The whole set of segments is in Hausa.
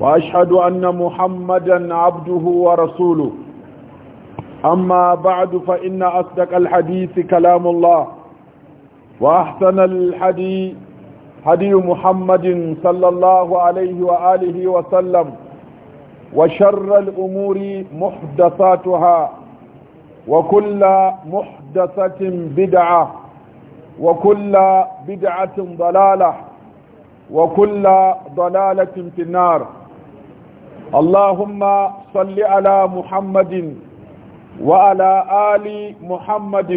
وأشهد أن محمدا عبده ورسوله أما بعد فإن أصدق الحديث كلام الله وأحسن الحديث حدي محمد صلى الله عليه وآله وسلم وشر الأمور محدثاتها وكل محدثة بدعة وكل بدعة ضلالة وكل ضلالة في النار اللهم صل على محمد وعلى آل محمد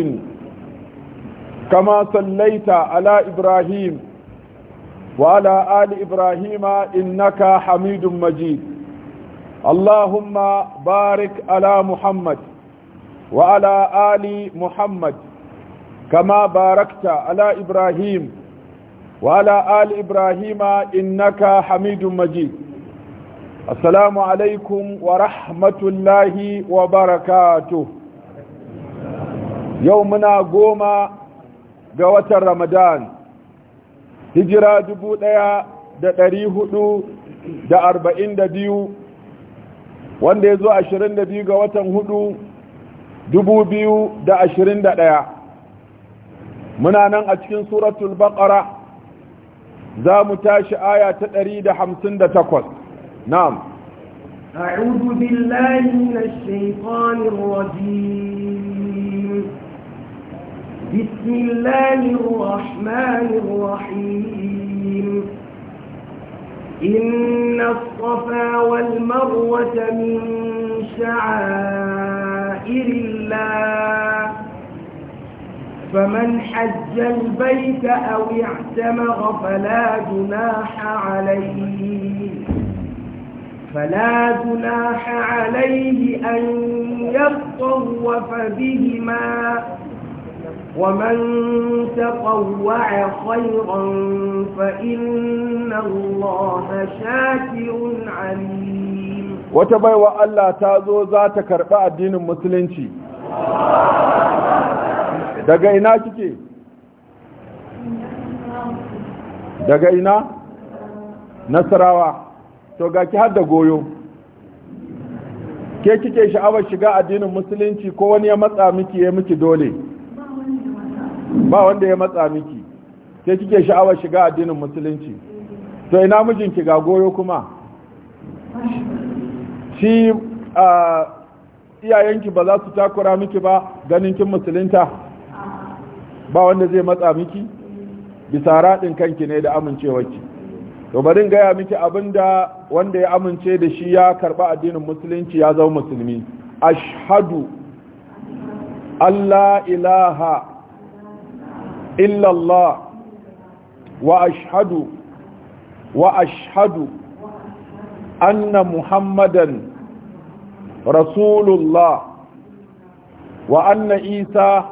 كما صليت على إبراهيم وعلى آل إبراهيم إنك حميد مجيد اللهم بارك على محمد وعلى آل محمد كما باركت على إبراهيم وعلى آل إبراهيم إنك حميد مجيد assalamu alaikum wa rahmatullahi wa barakatu. yau muna goma ga watan ramadan hijira dubu ɗaya da ɗari hudu da arba'in da biyu wanda ya zo ashirin da biyu ga watan hudu dubu biyu da ashirin da ɗaya muna nan a cikin suratul baƙara za mu tashi aya ta ɗari da hamsin da takwas نعم أعوذ بالله من الشيطان الرجيم بسم الله الرحمن الرحيم إن الصفا والمروة من شعائر الله فمن حج البيت أو اعتمر فلا جناح عليه فلا جناح عليه أن يطوف بهما ومن تطوع خيرا فإن الله شاكر عليم وتبايوا الله تازو ذات كرباء الدين المسلنشي daga ina kike daga ina nasarawa to ga ki har goyo ke kike sha'awar shiga addinin musulunci ko wani ya matsa miki ya miki dole ba wanda ya matsa miki ke kike sha'awar shiga addinin musulunci to ina mijinki ga goyo kuma shi a iyayenki ba za su takura miki ba ganin kin musulunta ba wanda zai matsa miki bisa raɗin kanki ne da amincewarki to barin gaya miki abinda wanda ya amince da shi ya karba addinin musulunci ya zama musulmi ashhadu Allah ilaha illallah wa ashhadu wa ashhadu anna muhammadan rasulullah wa anna isa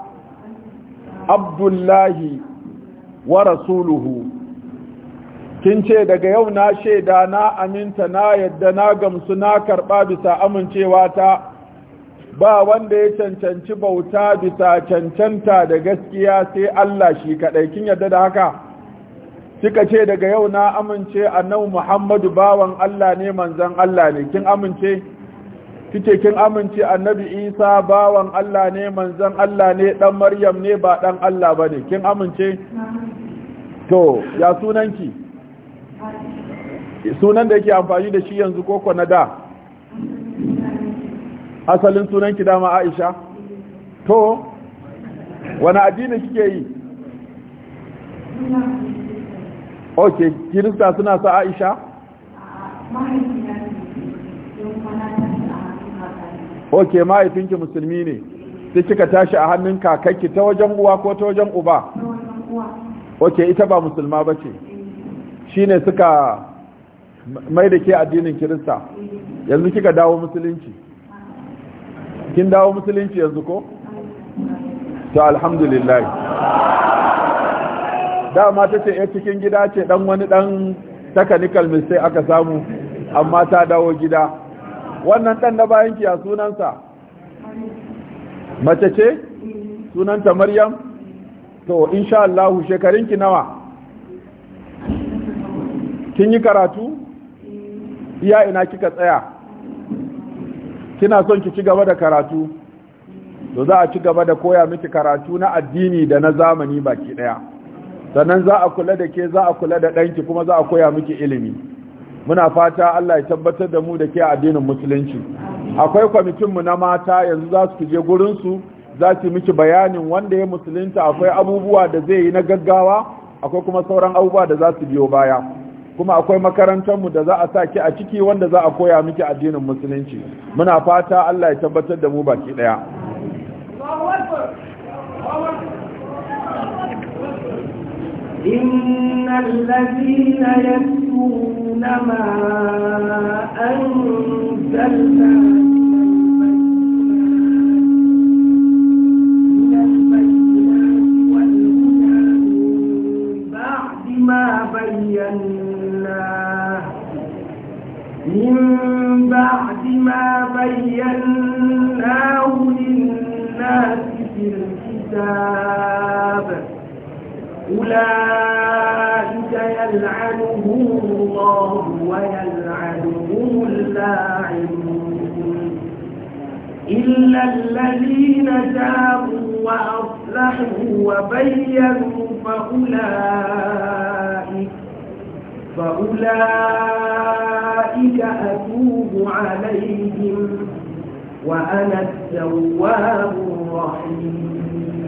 abdullahi wa rasuluhu kin ce daga yau na shaida na aminta na yadda na gamsu na karɓa bisa amincewa ta ba wanda ya cancanci bauta bisa cancanta da gaskiya sai Allah shi kaɗai kin yadda da haka kika ce daga yau na amince annabi Muhammadu bawan Allah ne manzon Allah ne kin amince kike kin amince annabi Isa bawan Allah ne manzon Allah ne dan Maryam ne ba dan Allah bane kin amince to ya sunanki sunan da yake amfani da shi yanzu koko na da asalin sunan ki dama aisha to wani addini kike yi ok kirista suna sa aisha ok mahaifinki musulmi ne sai kika tashi a hannun kakakki ta wajen uwa ko ta wajen uba ok ita ba musulma ba ce Shi ne suka mai da ke addinin kirista yanzu kika dawo musulunci kin dawo musulunci yanzu ko? to alhamdulillah dama ta ce eh, cikin gida ce dan wani dan takanikal mistai aka samu amma ta dawo gida wannan dan na bayan kiya sunansa mace ce sunanta maryam to insha Allah shekarunki nawa kin yi karatu iya ina kika tsaya kina son ki ci gaba da karatu to za a ci gaba da koya miki karatu na addini da na zamani baki daya sannan za a kula da ke za a kula da ɗanki kuma za a koya miki ilimi muna fata Allah ya tabbatar da mu da ke addinin musulunci akwai mu na mata yanzu za su je gurinsu za su miki bayanin wanda ya musulunta akwai abubuwa da zai yi na gaggawa akwai kuma sauran abubuwa da za su biyo baya kuma akwai makarantar mu da za a sa ki a ciki wanda za a koya miki addinin musulunci muna fata Allah ya tabbatar da mu baki daya إن ما من بعد ما بيناه للناس في الكتاب أولئك يلعنهم الله ويلعنهم اللاعبون إلا الذين تابوا وأصلحوا وبينوا فأولئك فأولئك أتوب عليهم وأنا التواب الرحيم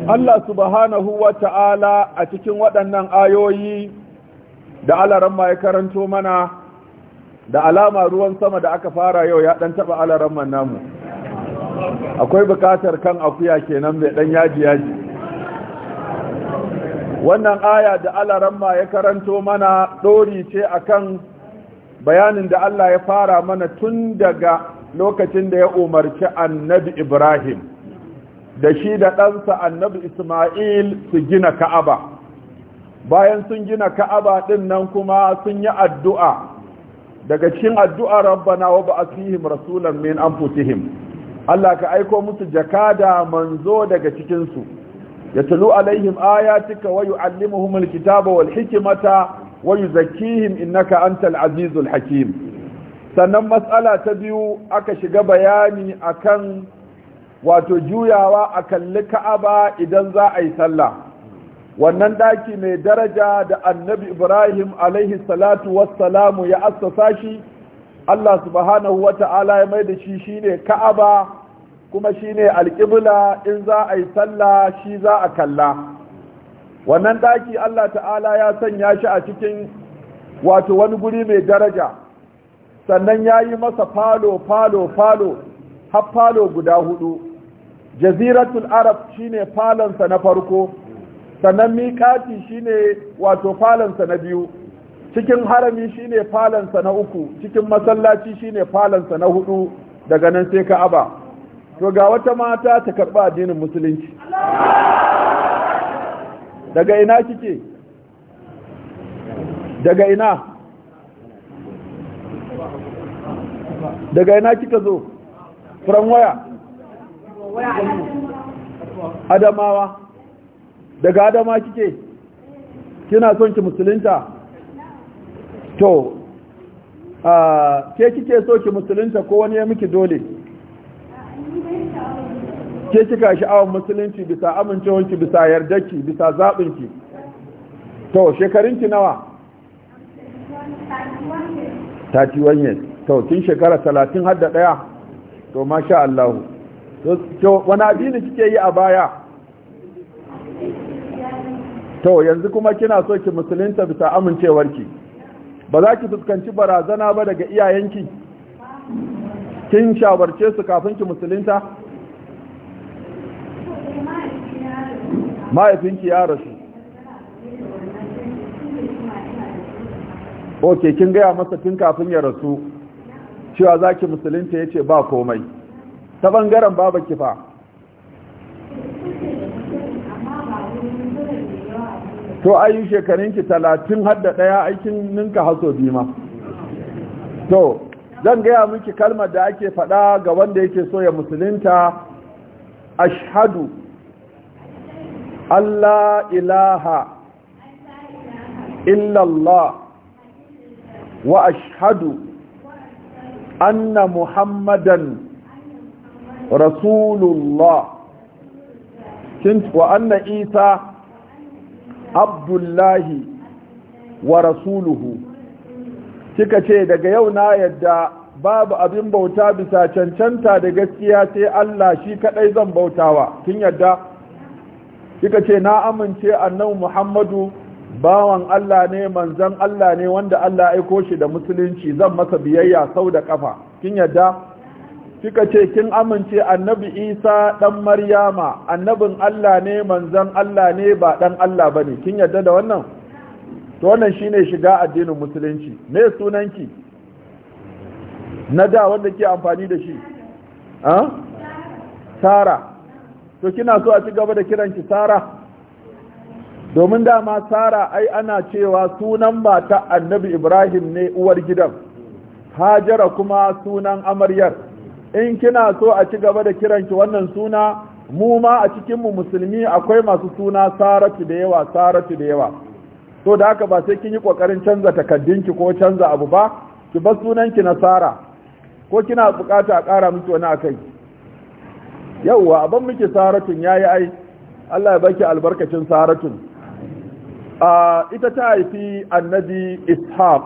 Allah subhanahu wa ta'ala a cikin waɗannan ayoyi da alaramma ya karanto mana da alama ruwan sama da aka fara yau ya ɗan taɓa alaramman namu. Akwai bukatar kan akuya kenan mai ɗan yaji-yaji. Wannan aya da alaramma ya karanto mana ɗori ce akan bayanin da Allah ya fara mana tun daga lokacin da ya umarci annabi Ibrahim da shi da ɗansa annabi Ismail su gina Ka'aba bayan sun gina Ka'aba ɗin nan kuma sun yi addu'a daga cikin addu'a rabbana wa fihim rasulan min anfusihim Allah ka aiko musu jakada manzo daga cikin su tulu alaihim ayatika wa allimuhumul kitaba wal hikimata wa yuzakkihim innaka antal azizul hakim sannan matsala ta biyu aka shiga bayani akan wato juyawa a kalli ka'aba idan za a yi sallah wannan daki mai daraja da annabi ibrahim alaihi salatu wassalamu ya assasa shi allah subhanahu wata'ala ya mai da shi shine ka'aba kuma shine alƙibla in za a yi sallah shi za a kalla wannan daki Allah ta'ala ya sanya shi a cikin wato wani guri mai daraja sannan ya yi masa falo falo falo har falo guda hudu jaziratul arab shine falonsa na farko sannan shi shine wato falonsa na biyu cikin harami shine falonsa na uku cikin masallaci shine falonsa na hudu daga nan sai ka aba. to ga wata mata ta karba addinin musulunci daga ina kike daga ina daga ina kika zo furan waya adamawa daga adama kike kina son ki musulunta to a ah, ke kike so ki musulunta ko wani ya miki dole ke kika sha'awar musulunci bisa amincewanki bisa yardarki bisa zaɓinki to shekarunki nawa 31 years to kin shekara 30 har da ɗaya to masha Allah to wani addini kike yi a baya to yanzu kuma kina so ki musulunta bisa amincewarki ba za ki fuskanci barazana ba daga iyayenki kin shawarce su kafin ki musulunta mahaifinki ya rasu ok kin gaya masa tun kafin ya rasu cewa za ki musulunta ya ce ba komai ta ɓangaren baba kifa to ayi shekarunki talatin hadda ɗaya aikin ninka haso bima to zan gaya miki kalmar da ake faɗa ga wanda yake so ya musulunta ashadu Allah ilaha illallah wa ashhadu anna muhammadan rasulullah wa anna isa abdullahi wa rasuluhu kika ce daga yau na yadda babu abin bauta bisa cancanta da gaskiya sai Allah shi kadai zan bautawa kin yadda kika ce na amince annabi Muhammadu bawan Allah ne manzan Allah ne wanda Allah aiko shi da musulunci zan masa biyayya sau da kafa kin yadda kika ce kin amince annabi Isa dan Maryama annabin Allah ne manzan Allah ne ba dan Allah bane kin yadda da wannan to wannan shine shiga addinin musulunci me sunanki na da wanda ke amfani da shi ah Sara to kina so a ci gaba da kiran ki sara domin dama sara ai ana cewa sunan mata annabi ibrahim ne uwar gidan hajara kuma sunan amaryar in kina so a ci gaba da ki wannan suna mu ma a cikin mu musulmi akwai masu suna saratu da yawa saratu da yawa to da haka ba sai kin yi kokarin canza takaddunki ko canza abu ba ki bar ki na sara ko kina bukata a kara miki wani akai yauwa ban miki saratun yi ai Allah ya baki albarkacin saratun a ita ta haifi annabi ishaq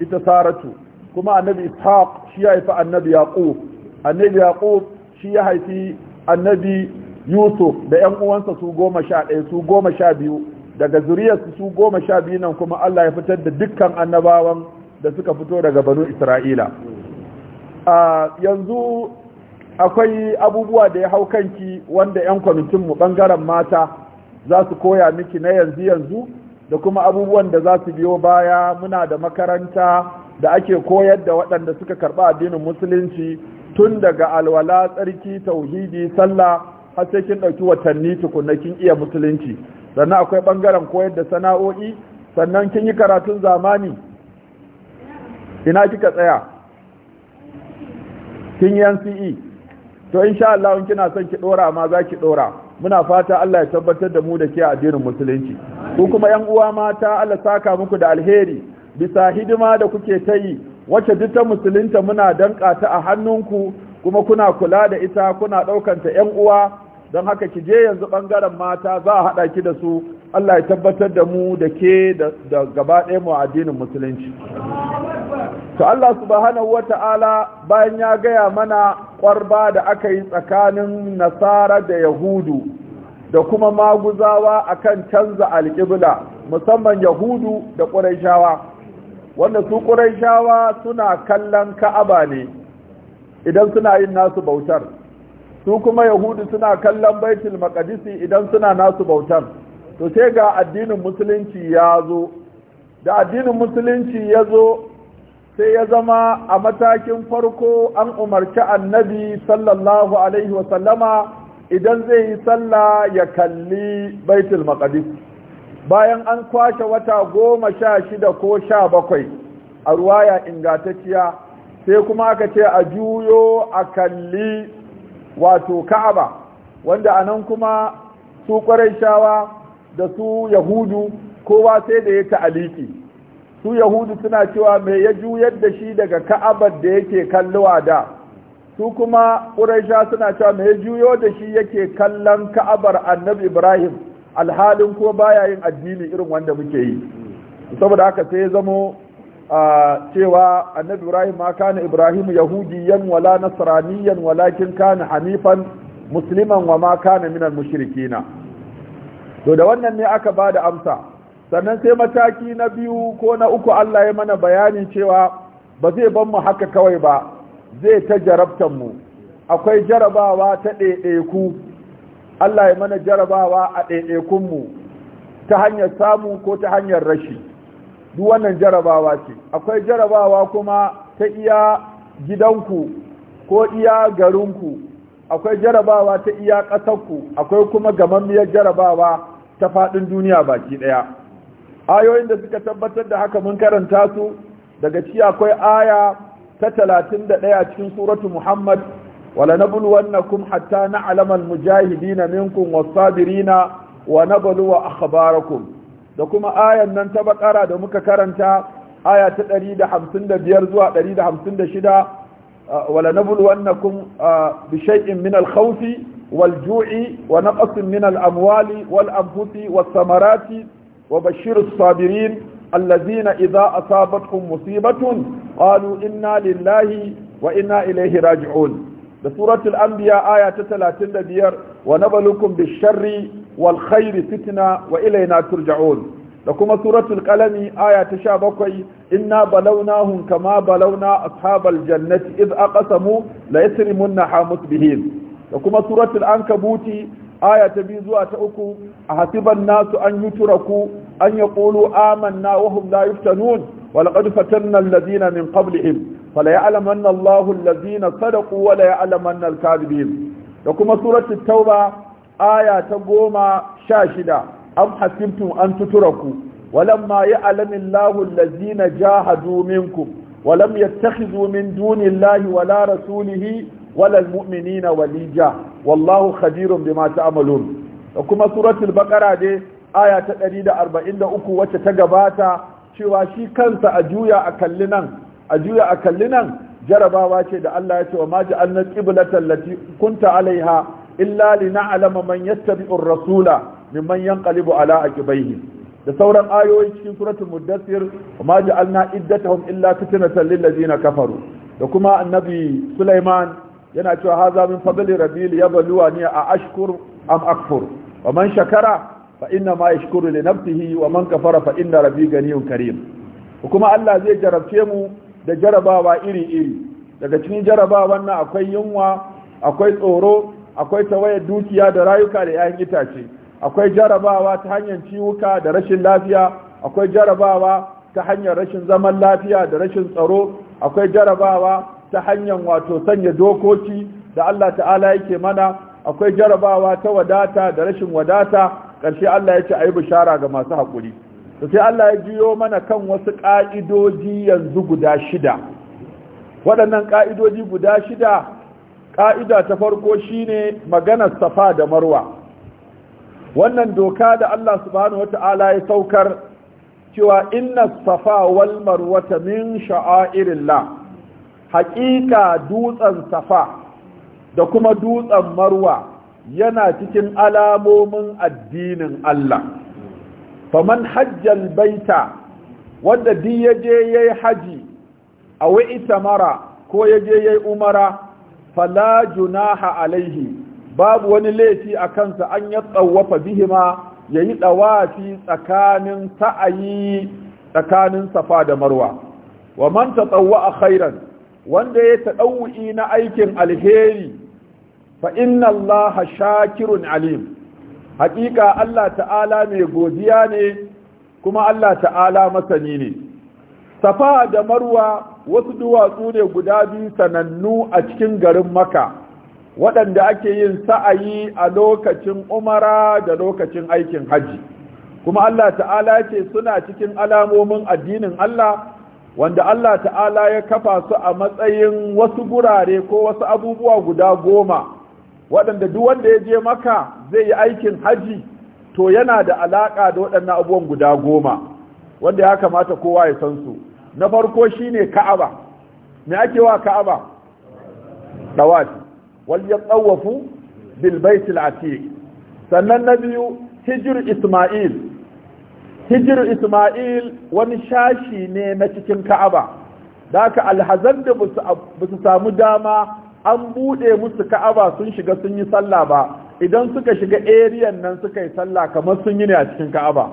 ita saratu kuma annabi ishaq shi ya haifi annabi yaqub annabi yaqub shi ya haifi annabi yusuf da yan uwansa su goma sha ɗaya su goma sha biyu daga zuriyarsu su goma sha biyu nan kuma Allah ya fitar da dukkan annabawan da suka fito daga banu isra'ila a yanzu akwai abubuwa da ya hau kanki wanda 'yan kwamitinmu ɓangaren mata za su koya miki na yanzu yanzu da kuma abubuwan da za su biyo baya muna da makaranta da ake koyar da waɗanda suka karɓa addinin musulunci tun daga alwala tsarki tauhidi sallah har sai kin ɗauki watanni tukunna kin iya musulunci sannan akwai ɓangaren koyar da sana'o'i sannan kin yi karatun zamani ina kika tsaya kin yi NCE to insha Allah in kina son ki dora ma za ki dora muna fata Allah ya tabbatar da mu da ke addinin musulunci ku kuma yan uwa mata Allah saka muku da alheri bisa hidima da kuke ta yi wacce duk ta musulunta muna danka ta a hannunku kuma kuna kula da ita kuna ɗaukanta yan uwa don haka ki je yanzu bangaren mata za a haɗa ki da su Allah ya tabbatar da mu da ke da gaba ɗaya mu addinin musulunci to Allah subhanahu wata'ala bayan ya gaya mana kwarba da aka yi tsakanin nasara da yahudu da kuma maguzawa akan canza alƙibla musamman yahudu da ƙuraishawa wanda su ƙuraishawa suna kallon ka'aba ne idan suna yin nasu bautar su kuma yahudu suna kallon baitul maqdisi idan suna nasu bautar to sai ga addinin musulunci ya zo da addinin musulunci ya zo sai ya zama a matakin farko an umarci annabi sallallahu alaihi wasallama idan zai yi sallah ya kalli baitul maqdis bayan an kwashe wata goma sha shida ko sha bakwai a ruwaya ingatacciya sai kuma aka ce a juyo a kalli wato ka'aba wanda a nan kuma su shawa da su yahudu kowa sai da ya ta'aliki su yahudu suna cewa mai ya juyar da shi daga ka'abar da yake kallowa da su kuma ƙuraisha suna cewa mai ya juyo da shi yake kallon ka'abar annabi ibrahim alhalin ko baya yin addini irin wanda muke yi saboda haka sai ya zamo cewa annabi ibrahim ma kana ibrahim yahudiyan wala nasraniyan walakin kana hanifan musliman wa ma kana minal mushrikina to da wannan ne aka bada amsa sannan sai mataki na biyu ko na uku Allah ya mana bayanin cewa ba zai ban mu haka kawai ba zai ta jarabtan mu akwai jarabawa ta ɗaiɗaiku Allah ya mana jarabawa a ɗaiɗaikun ta hanyar samu ko ta hanyar rashi duk wannan jarabawa ce akwai jarabawa kuma ta iya gidanku ko iya garinku akwai jarabawa ta iya ƙasarku akwai kuma gamammiyar jarabawa ta faɗin duniya baki ɗaya ayoyin da suka tabbatar da haka mun karanta su daga ci akwai aya ta da a cikin suratu Muhammad wala nabluwannakum hatta na'lamal mujahidina minkum was-sabirina wa nabluwa akhbarakum da kuma ayan nan ta bakara da muka karanta aya ta biyar zuwa shida ah, wala nabluwannakum ah, bi shay'in min al wal-ju'i wa naqsin min al-amwali wal-anfusi wa samarati وبشر الصابرين الذين إذا أصابتهم مصيبة قالوا إنا لله وإنا إليه راجعون بسورة الأنبياء آية 35 ونبلكم بالشر والخير فتنة وإلينا ترجعون لكم سورة القلم آية 17 إنا بلوناهم كما بلونا أصحاب الجنة إذ أقسموا ليسرمن حامس بهم لكم سورة الأنكبوت aya ta biyu zuwa ta uku a hasiban nasu an yi turaku an ya ƙulu amanna wa hum la yuftanun wa laqad fatanna allazina min qablihim fala ya'lamanna Allahu allazina sadaqu wa la ya'lamanna al-kadhibin da kuma suratul tauba aya ta goma sha shida am hasibtum an tuturaku walamma ya'lamu Allahu allazina jahadu minkum ولم يتخذوا من دون الله ولا رسوله ولا المؤمنين وليجا wallahu khabirun bima ta'malun da kuma suratul baqara de aya ta 143 wacce ta gabata cewa shi kansa a juya a kalli nan a juya a kalli nan jarabawa ce da Allah ya ce wa maji ja'alna qiblatan lati kunta alaiha illa lina'lama man yattabi'ur rasula mimman yanqalibu ala aqibaihi da sauran ayoyi cikin suratul muddathir wa maji ja'alna iddatahum illa fitnatan lil ladina kafaru da kuma annabi Sulaiman yana cewa haza min fadli rabbil ni a ashkur am akfur wa man shakara fa inna ma yashkuru li nafsihi wa man kafara fa inna rabbi ganiyun karim kuma Allah zai jarabce mu da jarabawa iri-iri daga cikin jarabawan nan akwai yunwa akwai tsoro akwai tawayar dukiya da rayuka da 'ya'yan itace akwai jarabawa ta hanyar ciwuka da rashin lafiya akwai jarabawa ta hanyar rashin zaman lafiya da rashin tsaro akwai jarabawa ta hanyar wato sanya dokoki da Allah ta'ala yake mana akwai jarabawa ta wadata da rashin wadata ƙarshe Allah ya ce ayi bishara ga masu haƙuri to sai Allah ya jiyo mana kan wasu ƙa'idoji yanzu guda shida waɗannan ƙa'idoji guda shida ƙa'ida ta farko shine maganar safa da marwa wannan doka da Allah subhanahu wata'ala ya saukar cewa inna safa wal marwata min sha'airillah haƙiƙa dutsen safa da kuma dutsen marwa yana cikin alamomin addinin Allah faman hajjal baita wanda duk yaje yayi haji a wa'i tamara ko yaje yayi umara fala junaha alaihi babu wani laifi a kansa an ya tsawafa bihima yayi ɗawafi tsakanin sa'ayi tsakanin safa da marwa wa man a khairan wanda ya taɗau'i na aikin alheri fa inna Allah shakirun alim haƙiƙa Allah ta'ala mai godiya ne kuma Allah ta'ala masani ne safa da marwa wasu duwatsu ne guda biyu sanannu a cikin garin maka waɗanda ake yin sa'ayi a lokacin umara da lokacin aikin hajji kuma Allah ta'ala ce suna cikin alamomin addinin Allah wanda Allah ta'ala ya kafa su a matsayin wasu gurare ko wasu abubuwa guda goma waɗanda duk wanda ya je maka zai yi aikin haji to yana da alaƙa da waɗannan abubuwan guda goma wanda ya kamata kowa ya san su na farko shine ka'aba me ake wa ka'aba Dawati. wal yatawafu bil baitil atiq sannan na biyu hijr isma'il hijir isma'il wani shashi ne na cikin ka'aba da haka alhazan da ba su samu dama an buɗe musu ka'aba sun shiga sun yi sallah ba idan suka shiga eriyan nan suka yi sallah kamar sun yi ne a cikin ka'aba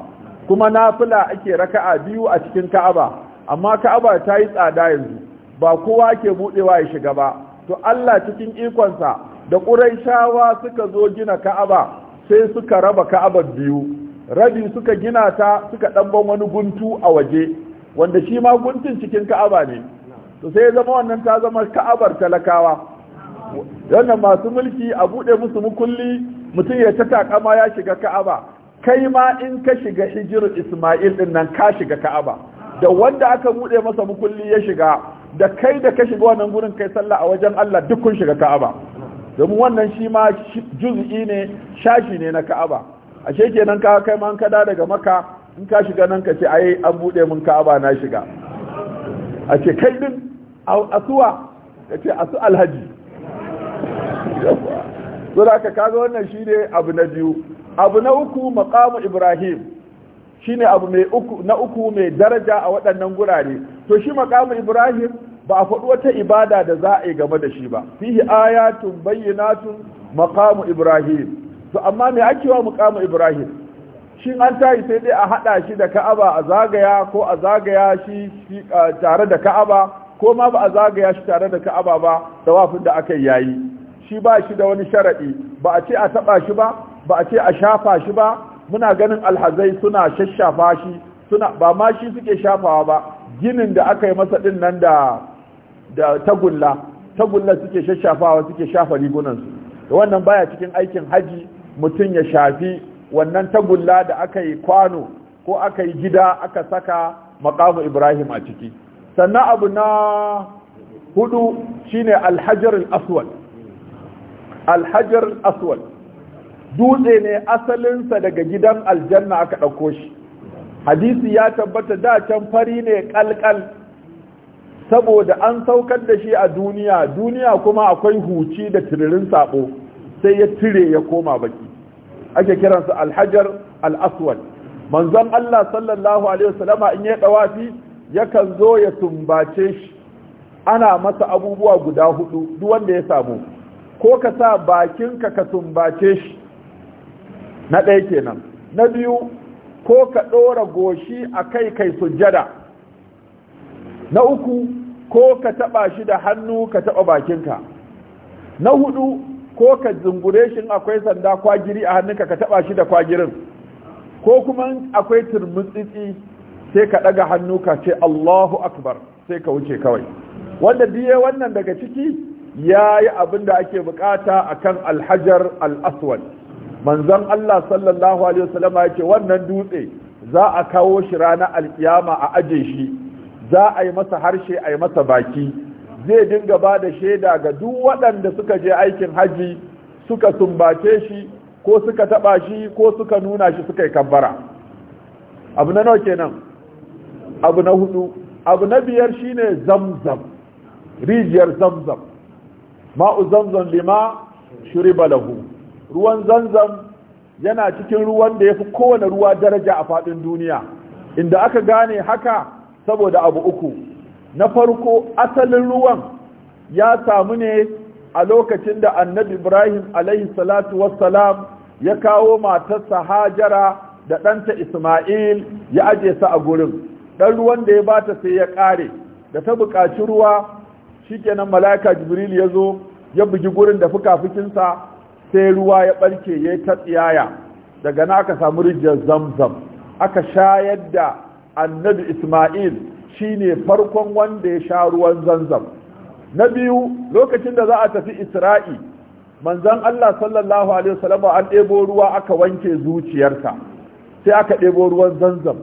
kuma nafila ake raka'a biyu a cikin ka'aba amma ka'aba ta yi tsada yanzu ba kowa ke buɗewa ya shiga ba to Allah cikin ikonsa da ƙuraishawa suka zo gina ka'aba sai suka raba ka'abar biyu rabi suka gina ta suka ɗanban wani guntu a waje wanda shi ma guntun cikin ka'aba ne to sai ya zama wannan ta zama ka'abar talakawa wannan masu mulki a buɗe musu mukulli mutum ya ta takama ya shiga ka'aba kai ma in ka shiga hijir isma'il din nan ka shiga ka'aba da wanda aka buɗe masa mukulli ya shiga da kai da ka shiga wannan gurin kai sallah a wajen Allah duk kun shiga ka'aba domin wannan shi ma juz'i ne shashi ne na ka'aba ashe kenan ka kai man kada daga maka in ka shiga nan ka ce ai an bude mun ka'aba na shiga a ce kai din asuwa ka ce asu alhaji so da ka kaga wannan shine abu na biyu abu na uku maqamu ibrahim shine abu mai uku na uku mai daraja a waɗannan gurare to shi maqamu ibrahim ba a faɗi wata ibada da za a yi game da shi ba fihi ayatun bayyinatun maqamu ibrahim to amma me ake wa muqama ibrahim shin an tayi sai dai a hada shi da ka'aba a zagaya ko a zagaya shi tare da ka'aba ko ma ba a zagaya shi tare da ka'aba ba tawafin da aka yayi shi ba shi da wani sharadi ba a ce a taba shi ba ba a ce a shafa shi ba muna ganin alhazai suna shashafa shi suna ba ma shi suke shafawa ba ginin da aka yi masa din nan da da tagulla tagulla suke shashafawa suke shafa rigunansu wannan baya cikin aikin haji mutum ya shafi wannan tagulla da aka yi kwano ko aka yi gida aka saka makamu ibrahim a ciki sannan abu na hudu shine alhajar al'aswal alhajar al'aswal dutse ne asalinsa daga gidan aljanna aka ɗauko shi hadisi ya tabbata da can fari ne kalkal saboda an saukar da shi a duniya duniya kuma akwai huci da tiririn sabo sai ya tire ya koma baki ake kiransa alhajar al-aswad manzon Allah sallallahu alaihi wasallama in ya ɗawafi yakan zo ya tumbace shi ana masa abubuwa guda hudu duk wanda ya samu ko ka sa bakinka ka sumbace shi na ɗaya kenan na biyu ko ka ɗora goshi a kai kai sujjada na uku ko ka taɓa shi da hannu ka taɓa bakinka na hudu ko ka zungure shi akwai sanda kwagiri a hannunka ka taba shi da kwagirin ko kuma akwai turmutsitsi sai ka daga hannu ka ce Allahu akbar sai ka wuce kawai wanda biye wannan daga ciki yayi abin da ake bukata akan alhajar al-aswad manzon Allah sallallahu alaihi wasallam ya ce wannan dutse za a kawo shi ranar alkiyama a aje shi za a yi masa harshe a yi masa baki zai dinga ba da shaida ga duk waɗanda suka je aikin haji suka sumbace shi ko suka taɓa shi ko suka nuna shi suka yi kambara abu na nawa kenan abu na hudu abu na biyar shine zamzam rijiyar zamzam ma'u zamzam lima shiri lahu ruwan zamzam yana cikin ruwan da ya fi kowane ruwa daraja a faɗin duniya inda aka gane haka saboda abu uku na farko asalin ruwan ya samu ne a lokacin da annabi ibrahim alaihi salatu wassalam ya kawo matarsa hajara da ɗanta isma'il ya aje su a gurin ɗan ruwan da ya bata sai ya ƙare da ta buƙaci ruwa shikenan mala'ika jibril ya zo ya bugi gurin da fuka fukafukinsa sai ruwa ya ɓarke ya yi ta tsiyaya daga na aka samu rijiyar zamzam aka shayar da annabi isma'il Shi ne farkon wanda ya sha ruwan zanzam na biyu lokacin da za a tafi isra'i manzon Allah sallallahu alaihi wasallam an ɗebo ruwa aka wanke zuciyarsa sai aka ɗebo ruwan zanzam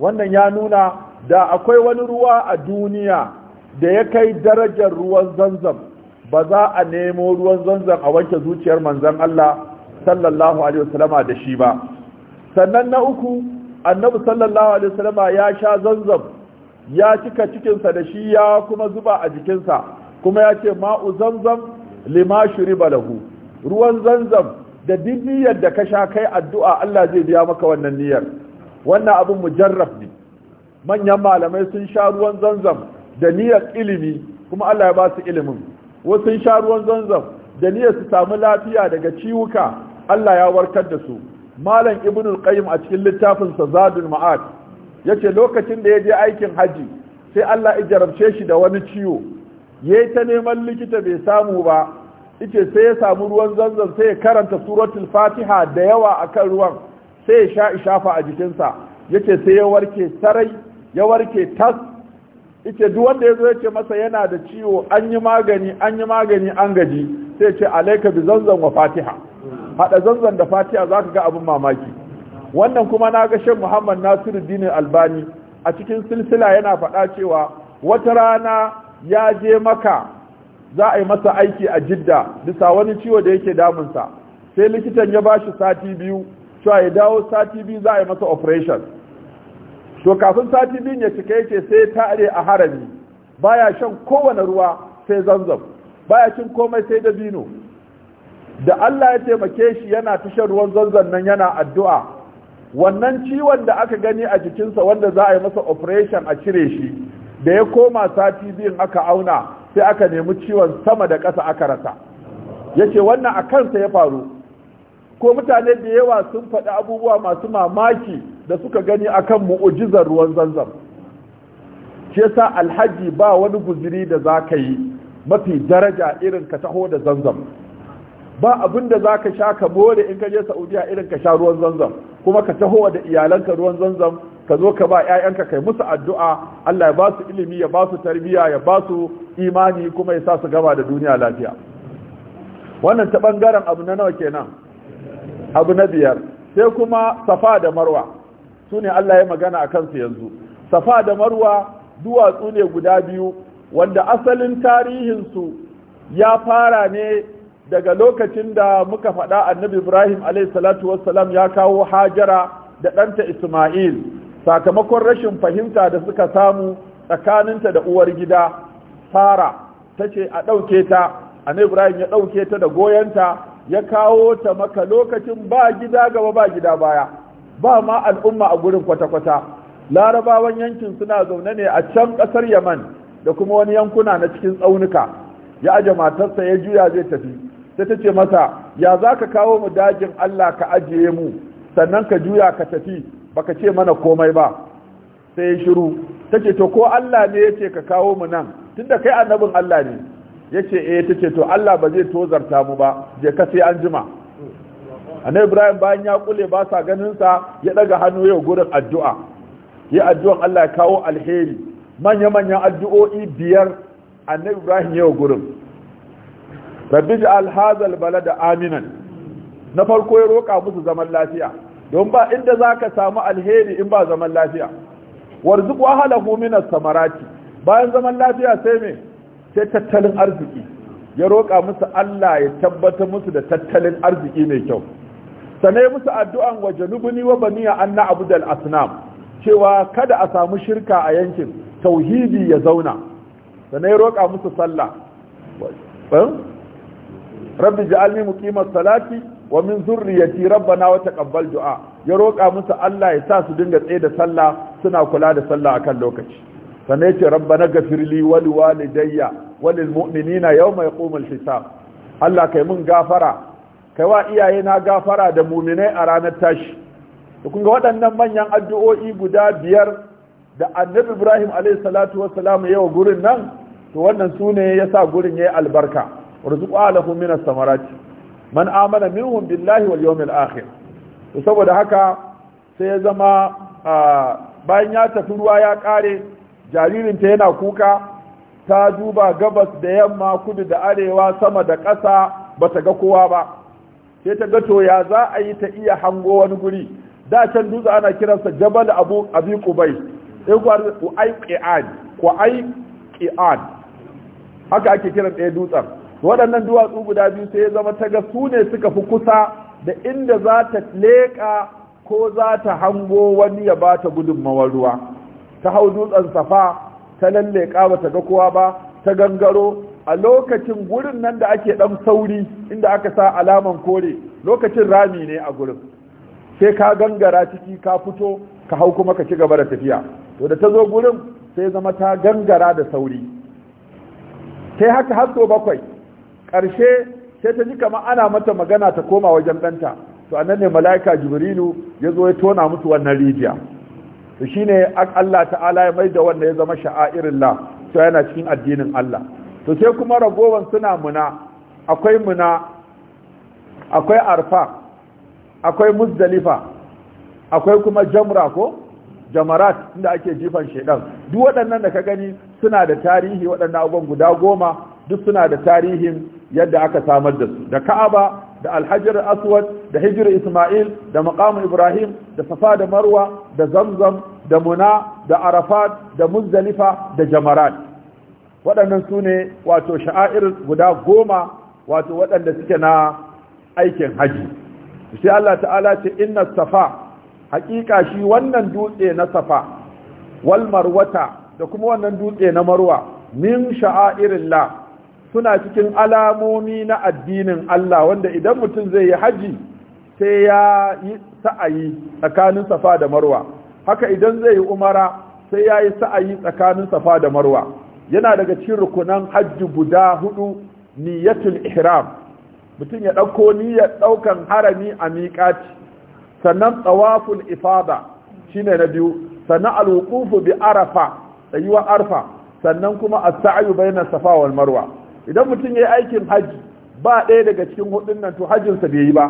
wannan ya nuna da akwai wani ruwa a duniya da ya kai darajar ruwan zanzam ba za a nemo ruwan zanzam a wanke zuciyar manzan Allah sallallahu alaihi wasallam da shi ba sannan na uku annabi sallallahu alaihi ya sha zanzam ya cika cikinsa da shi ya kuma zuba a jikinsa kuma ya ce ma'u zanzam lima shiri balahu ruwan zanzam da duk niyyar da ka sha kai addu'a Allah zai biya maka wannan niyyar wannan abin mujarraf ne manyan malamai sun sha ruwan zanzam da niyyar ilimi kuma Allah ya ba su ilimin wasu sun sha ruwan zanzam da niyyar su samu lafiya daga ciwuka Allah ya warkar da su malam ibnul qayyim a cikin littafinsa zadul ma'ad yace lokacin da ya je aikin hajji sai Allah ya jarabce shi da wani ciwo yayi ta neman likita bai samu ba ita sai ya samu ruwan zanzan sai ya karanta suratul fatiha da yawa a kan ruwan sai ya sha ishafa a jikinsa ya ce sai ya warke sarai ya warke tas ita duk wanda ya zo yace masa yana da ciwo an yi magani an yi magani an gaji sai ce alaika bi zanzan wa fatiha haɗa zanzan da fatiha za ka ga abin mamaki wannan kuma na ga shan muhammad nasiru dinin albani a cikin silsila yana faɗa cewa wata rana ya je maka za a yi masa aiki a jidda bisa wani ciwo da yake damunsa sai likitan ya bashi sati biyu cewa ya dawo sati biyu za a yi masa operation to kafin sati biyun ya cika yake sai tare a harami baya shan kowane ruwa sai zanzam baya cin komai sai dabino. da Allah ya taimake shi yana ta ruwan zanzan nan yana addu'a wannan ciwon da aka gani a jikinsa wanda za a yi masa operation a cire shi da ya koma sati biyun aka auna sai aka nemi ciwon sama da ƙasa aka rasa ya wannan a kansa ya faru ko mutane da yawa sun faɗi abubuwa masu mamaki da suka gani a akan mu'ujizar ruwan zanzam shi yasa alhaji ba wani guziri da za ka yi mafi daraja irin ka taho da zanzam ba abin da za ka sha ka bore in ka je saudiya irin ka sha ruwan zanzam kuma ka taho da iyalanka ruwan zanzam ka zo ka ba 'ya'yanka kai musu addu'a Allah ya ba su ilimi ya ba su tarbiyya ya ba su imani kuma ya sa su gama da duniya lafiya wannan ta bangaren abu na nawa kenan abu na biyar sai kuma safa da marwa su ne Allah ya magana a kansu yanzu safa da marwa duwatsu ne guda biyu wanda asalin tarihinsu ya fara ne daga lokacin da muka faɗa annabi ibrahim salatu wassalam ya kawo hajara da ɗanta isma'il sakamakon rashin fahimta da suka samu tsakaninta da uwar gida fara ta ce a ɗauke ta annabi ibrahim ya ɗauke ta da goyonta ya kawo ta maka lokacin ba gida gaba ba gida baya ba ma al'umma a gurin kwata-kwata larabawan yankin suna zaune ne a can ƙasar yaman da kuma wani yankuna na cikin tsaunuka ya aje matarsa ya juya zai tafi sai ta ce masa ya za ka kawo mu dajin Allah ka ajiye mu sannan ka juya ka tafi ba ka ce mana komai ba sai ya shiru ta ce to ko Allah ne ya ce ka kawo mu nan tunda kai annabin Allah ne ya ce eh ta ce to Allah ba zai tozarta mu ba je ka sai an jima annabi Ibrahim bayan ya kule ba sa ganin sa ya daga hannu yau gurin addu'a ya addu'an Allah ya kawo alheri manya manyan addu'o'i biyar annabi Ibrahim yau gurin rabbi alhazal Bala balada aminan na farko ya roka musu zaman lafiya don ba inda zaka samu alheri in ba zaman lafiya warzuq halahu min samarati bayan zaman lafiya sai me sai tattalin arziki ya roƙa musu Allah ya tabbatar musu da tattalin arziki mai kyau sanai musu addu'an wa janubuni wa baniya anna abudal asnam cewa kada a samu shirka a yankin tauhidi ya zauna sanai roƙa musu sallah eh? rabbi ja'alni muqimas salati wa min zurriyati rabbana wa taqabbal du'a ya roƙa musu Allah ya sa su dinga tsaye da sallah suna kula da sallah akan lokaci sannan yace rabbana ghafirli wa liwalidayya wa lilmu'minina yawma yaqumul hisab Allah kai mun gafara kai wa iyaye na gafara da mu'minai a ranar tashi kun ga waɗannan manyan addu'o'i guda biyar da annabi Ibrahim alayhi salatu wassalam yawa gurin nan to wannan sune yasa gurin yayi albarka warzuqa lahum min as-samarati man amana minhum billahi wal yawmil akhir to saboda haka sai ya zama bayan ya tafi ruwa ya kare jaririnta yana kuka ta duba gabas da yamma kudu da arewa sama da ƙasa bata ga kowa ba sai ta ga to ya za a yi ta iya hango wani guri da can dutse ana kiransa jabal abu abi kubai ai qi'an ko ai qi'an haka ake kiran ɗaya dutsen waɗannan duwatsu guda biyu sai ya zama ta ga su ne suka fi kusa da inda za ta leƙa ko za ta hango wani ya ba ta gudunmawar ruwa ta hau dutsen safa ta lalleƙa ba ta ga kowa ba ta gangaro a lokacin gurin nan da ake ɗan sauri inda aka sa alaman kore lokacin rami ne a gurin sai ka gangara ciki ka fito ka hau kuma ka ci gaba da tafiya to da ta zo gurin sai zama ta gangara da sauri sai haka har bakwai Karshe sai ta ji kamar ana mata magana ta koma wajen ɗanta to a nan ne mala'ika jibrilu ya zo ya tona musu wannan rijiya to shine Allah ta'ala ya mai da wannan ya zama la to yana cikin addinin Allah to sai kuma ragowan suna muna akwai muna akwai arfa akwai muzdalifa akwai kuma jamra ko jamarat inda ake jifan shedan duk waɗannan da ka gani suna da tarihi waɗannan abubuwan guda goma duk suna da tarihin yadda aka samar da su da ka'aba da alhajar aswad da hijir isma'il da maqamu ibrahim da safa da marwa da zamzam da muna da arafat da muzdalifa da jamarat waɗannan su ne wato sha'air guda goma wato waɗanda suke na aikin haji sai Allah ta'ala ce inna safa haƙiƙa shi wannan dutse na safa wal marwata da kuma wannan dutse na marwa min la. suna cikin alamomi na addinin Allah wanda idan mutum zai yi haji sai ya yi sa'ayi tsakanin safa da marwa haka idan zai yi umara sai ya yi sa'ayi tsakanin safa da marwa yana daga cikin rukunan hajji guda hudu niyyatul ihram mutum ya ɗauko niyyar ɗaukan harami a miƙaci sannan tsawaful ifada shine na biyu sannan alwuqufu bi arafa tsayuwar arfa sannan kuma as-sa'yu bayna safa wal marwa idan mutum ya yi aikin hajji ba ɗaya daga cikin hudun nan to hajjinsa bai yi ba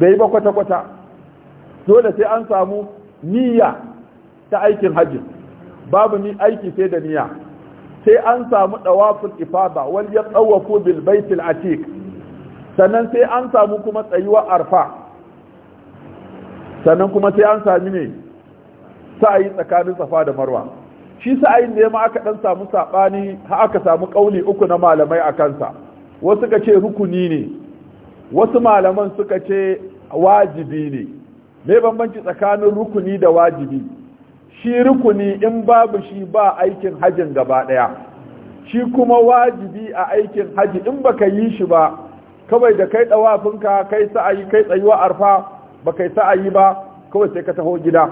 bai yi ba kwata-kwata dole sai an samu niyya ta aikin hajji babu ni aiki sai da niyya sai an samu dawaful ifada wal yatawafu bil baitil atiq sannan sai an samu kuma tsayuwa arfa sannan kuma sai an sami ne sa'ayi tsakanin safa da marwa shi sa'ayin da ya ma aka ɗan samu saɓani, ha aka samu kauli uku na malamai a kansa wasu ka ce rukuni ne wasu malaman suka ce wajibi ne me bambanci tsakanin rukuni da wajibi shi rukuni in babu shi ba aikin hajin gaba ɗaya, shi kuma wajibi a aikin haji in baka yi shi ba kawai da kai dawafinka kai sa'ayi kai tsayuwa arfa baka yi sa'ayi ba kawai sai ka taho gida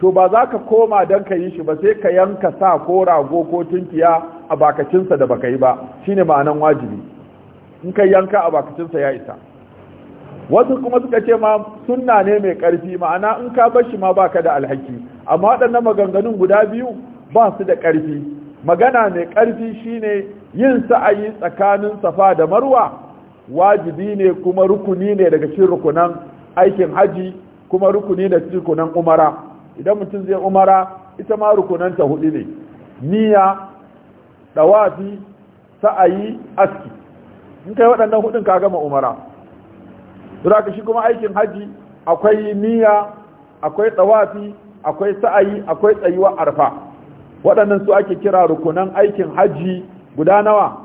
to ba za ka koma don ka yi shi ba sai ka yanka sa ko rago ko tunkiya a bakacinsa da baka yi ba Shi ne ma'anan wajibi in ka yanka a bakacinsa ya isa wasu kuma suka ce ma sunna ne mai ƙarfi ma'ana in ka bar shi ma baka da alhaki amma waɗannan maganganun guda biyu ba su da ƙarfi magana mai ƙarfi ne yin sa'ayi tsakanin safa da marwa wajibi ne kuma rukuni ne daga cikin rukunan aikin haji kuma rukuni da cikin rukunan umara idan mutum zai umara ita ma rukunanta hudu ne niyya dawafi sa'ayi aski in kai waɗannan hudun ka gama umara zaka shi kuma aikin haji akwai niyya akwai dawafi akwai sa'ayi akwai tsayuwa arfa waɗannan su ake kira rukunan aikin haji guda nawa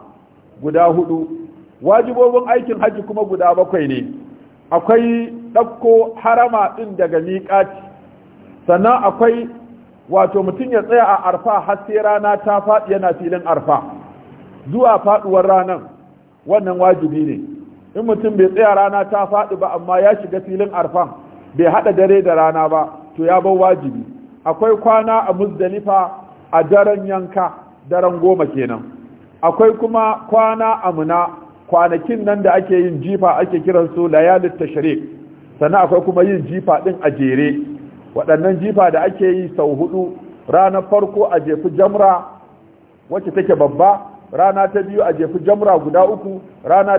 guda hudu wajibobin aikin haji kuma guda bakwai ne akwai ɗauko harama ɗin daga miƙaci sannan akwai wato mutum ya tsaya a arfa har sai rana ta faɗi yana filin arfa zuwa faɗuwar ranan wannan wajibi ne in mutum bai tsaya rana ta faɗi ba amma ya shiga filin arfan bai haɗa dare da rana ba to ya bar wajibi akwai kwana a muzdalifa a daren yanka daren goma kenan akwai kuma kwana a muna kwanakin nan da ake yin jifa ake kiransu layalit tashrik sannan akwai kuma yin jifa ɗin a jere waɗannan jifa da ake yi sau hudu ranar farko a jefi jamra wacce take babba rana ta biyu a jefi jamra guda uku rana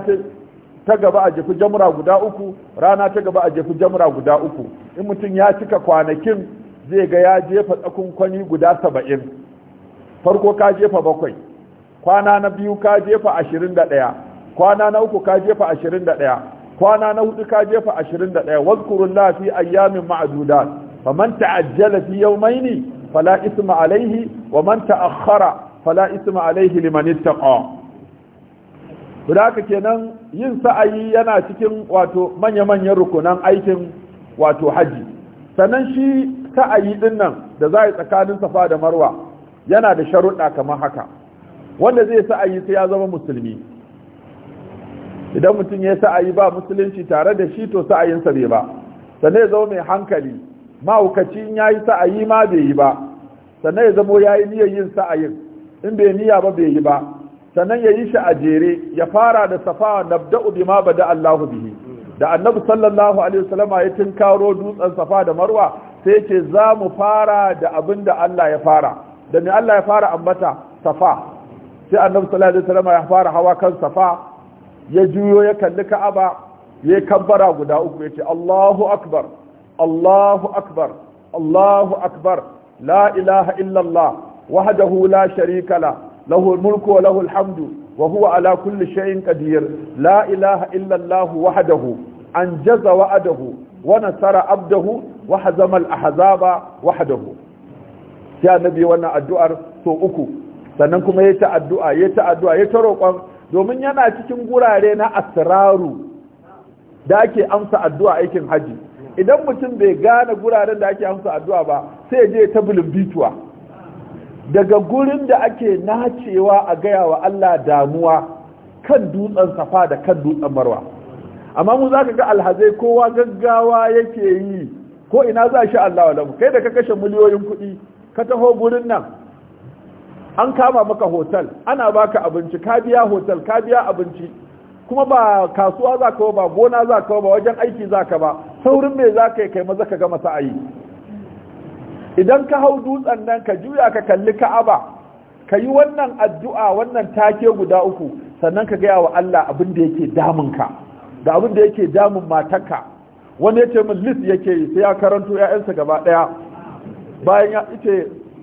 ta gaba a jefi jamra guda uku rana ta gaba a jefi jamra guda uku in mutum ya cika kwanakin zai ga ya jefa kwani guda saba'in farko ka jefa bakwai kwana na biyu ka jefa ashirin da ɗaya kwana na uku ka jefa ashirin da ɗaya kwana na hudu ka jefa ashirin da ɗaya kurun lafi ayyamin ma'adudan faman yau fi yawmaini fala isma alaihi wa man ta'akhkhara fala isma alaihi liman ittaqa haka kenan yin sa'ayi yana cikin wato manya-manyan rukunan aikin wato haji sannan shi sa'ayi ɗinnan da za yi tsakanin safa da marwa yana da sharuɗa kamar haka wanda zai sa'ayi sai ya zama musulmi idan mutum ya yi sa'ayi ba musulunci tare da shi to sa'ayinsa bai ba sannan ya zama mai hankali mahaukacin ya yi sa'ayi ma bai yi ba sannan ya zamo ya yi niyyar yin sa'ayin in bai niyya ba bai yi ba sannan ya yi shi a jere ya fara da safa nabda'u bima bada Allahu bihi da annabi sallallahu alaihi wasallama ya tinkaro dutsen safa da marwa sai yace ce za mu fara da abin da Allah ya fara da me Allah ya fara ambata safa sai annabi sallallahu alaihi wasallama ya fara hawa kan safa ya juyo ya kalli ka'aba ya kabbara guda uku ya ce Allahu akbar Allahu akbar Allahu akbar la ilaha illallah wahdahu la sharika la lahu mulku wa lahu alhamdu wa ala kulli shay'in qadir la ilaha illallah wahdahu anjaza wa'adahu wa nasara abdahu wa hazama al-ahzaba wahdahu sai annabi wannan addu'ar uku sannan kuma yayi ta addu'a ya ta addu'a ya ta roƙon domin yana cikin gurare na asraru da ake amsa addu'a aikin haji idan mutum bai gane guraren da ake amsa addu'a ba sai je ta bituwa daga gurin da ake nacewa a gaya wa Allah damuwa kan dutsen safa da kan dutsen marwa amma mu zaka ga alhazai kowa gaggawa yake yi ko ina za shi Allah wa lamu kai da ka kashe miliyoyin kuɗi ka taho gurin nan an kama maka hotel ana baka abinci ka biya hotel ka biya abinci kuma ba kasuwa za ka ba gona za ka ba wajen aiki za ka ba saurin mai za ka yi kai maza ka gama sa'ayi idan ka hau dutsen nan ka juya ka kalli ka'aba ka yi wannan addu'a wannan take guda uku sannan ka gaya wa Allah abin da yake damunka da abin da yake damun matarka wani ya ce min list yake yi sai ya karanto ‘ya'yansa gaba ɗaya bayan ya ce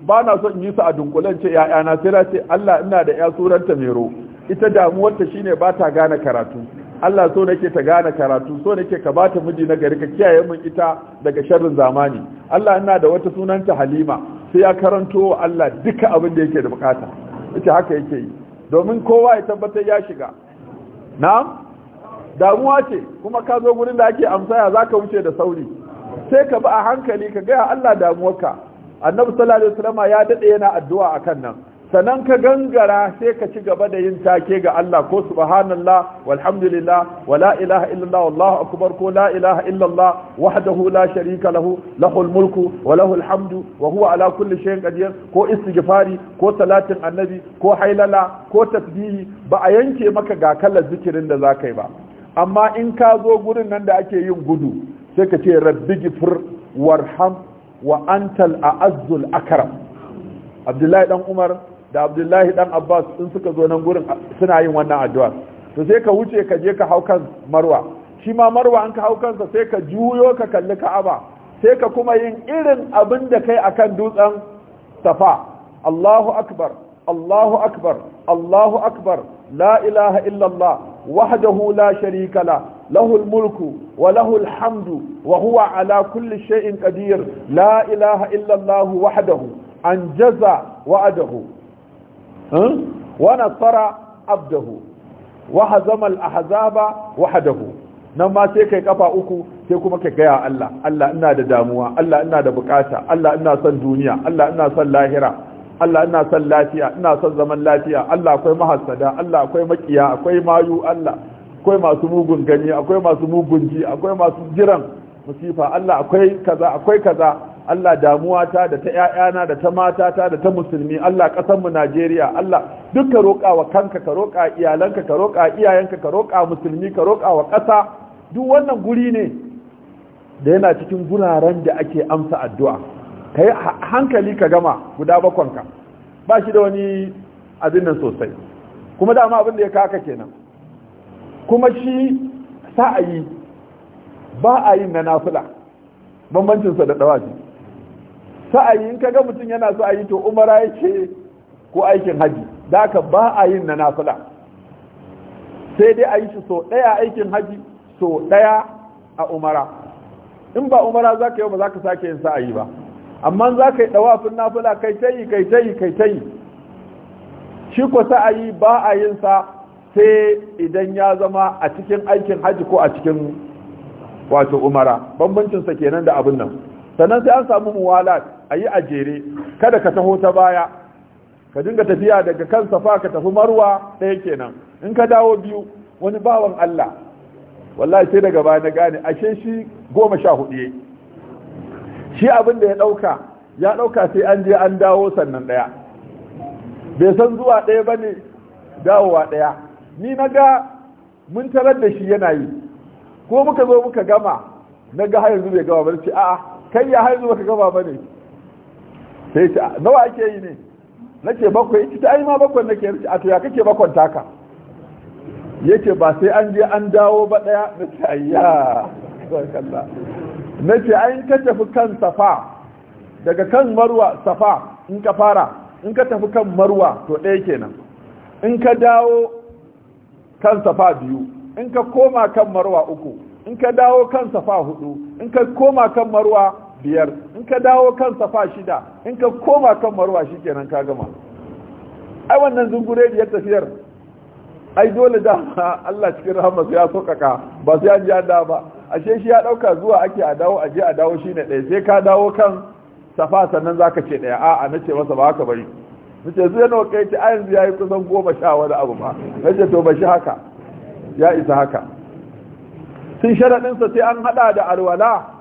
ba na son in yi su a dunkulen ce ‘ya'yana sai na ce Allah ina da ‘ya suranta mero ita damuwarta shine ba ta gane karatu Allah so nake ta gane karatu so nake ka bata miji na gari ka kiyaye mun ita daga sharrin zamani Allah ina da wata sunanta Halima sai ya karanto wa Allah duka abin da yake da bukata ita haka yake yi domin kowa ya tabbatar ya shiga na'am damuwa ce kuma ka zo gurin da ake amsa amsaya zaka wuce da sauri sai ka bi a hankali ka ga Allah damuwarka annabi sallallahu alaihi wasallam ya dade yana addu'a akan nan sannan ka gangara sai ka ci gaba da yin take ga Allah ko subhanallah walhamdulillah wala ilaha illallah wallahu akbar ko la ilaha illallah wahdahu la sharika lahu lahul mulku wa lahul hamdu wa huwa ala kulli shay'in qadir ko istighfari ko salatin annabi ko hailala ko tasbihi ba a yanke maka ga kallar zikirin da zakai ba amma in ka zo gurin nan da ake yin gudu sai ka ce rabbighfir warham wa antal a'azzul akram abdullahi dan umar da abdullahi dan abbas in suka zo nan gurin suna yin wannan addu'a to sai ka wuce ka je ka hau kan marwa shi ma marwa an ka hau kansa sai ka juyo ka kalli ka'aba sai ka kuma yin irin abin da kai akan dutsen safa allahu akbar allahu akbar allahu akbar la ilaha illallah wahdahu la sharika la له الملك وله الحمد وهو على كل شيء قدير لا إله إلا الله وحده أنجز وعده Hmm? wa nasara abdahu wa hazama al-ahzaba wahdahu nan ma sai kai kafa uku sai kuma ka gaya Allah Allah ina da damuwa Allah ina da bukata Allah ina son duniya Allah ina son lahira Allah ina son lafiya ina son zaman lafiya Allah akwai mahassada Allah akwai makiya akwai mayu Allah akwai masu mugun gani akwai masu mugun ji akwai masu jiran musifa Allah akwai kaza akwai kaza Allah damuwata da ta ƴaƴana da ta matata da ta musulmi Allah ƙasar mu Najeriya Allah duk ka roƙa wa kanka ka roƙa iyalanka ka roƙa iyayenka ka roƙa musulmi ka roƙa wa ƙasa duk wannan guri ne da yana cikin guraren da ake amsa addu'a kai hankali ka gama guda bakwanka ba shi da wani abin nan sosai kuma dama abin da ya kaka kenan kuma shi sa'ayi ba a yin na nafila bambancinsa da ɗawafi sa'ayi in kaga mutum yana so yi to umara yake ko aikin haji da aka ba a yin na nafila sai dai a yi shi so ɗaya aikin haji so ɗaya a umara in ba umara za ka yi ba za ka sake yin sa'ayi ba amma za ka yi ɗawafin nafila kai ta yi kai ta yi kai ta yi shi ko sa'ayi ba a yin sa sai idan ya zama a cikin aikin haji ko a cikin wato umara bambancinsa kenan da abin nan sannan sai an samu muwalat a yi a jere kada ka taho ta baya ka dinga tafiya daga kan safa ka tafi marwa ɗaya kenan in ka dawo biyu wani bawan Allah wallahi sai daga baya na gane ashe shi goma sha hudu shi abin da ya ɗauka ya ɗauka sai an je an dawo sannan ɗaya bai san zuwa ɗaya ba ne dawowa ɗaya ni na ga mun tarar da shi yana yi ko muka zo muka gama na ga har yanzu bai gama ba ce a'a kai ya har yanzu baka gama ba ne sai ce nawa ake yi ne nake bakwai ita ta ma bakwai na ke a to ya kake bakwan taka ce ba sai an je an dawo ba daya nace ayya Na ce ai ka tafi kan safa daga kan marwa safa in ka fara in ka tafi kan marwa to ɗaya kenan in ka dawo kan safa biyu in ka koma kan marwa uku in ka dawo kan safa hudu in ka koma kan marwa biyar in ka dawo kan safa shida in ka koma kan marwa shikenan ka gama ai wannan zungure biyar tafiyar ai dole da Allah cikin rahama ya sokaka ba sai an ji da ba ashe shi ya dauka zuwa ake a dawo aje a dawo shine ɗaya sai ka dawo kan safa sannan zaka ce ɗaya a'a na ce masa ba haka bari ce sai nawa kai a yanzu yayi kusan goma sha wani abu ba ce to ba shi haka ya isa haka sun sharaɗinsa sai an haɗa da alwala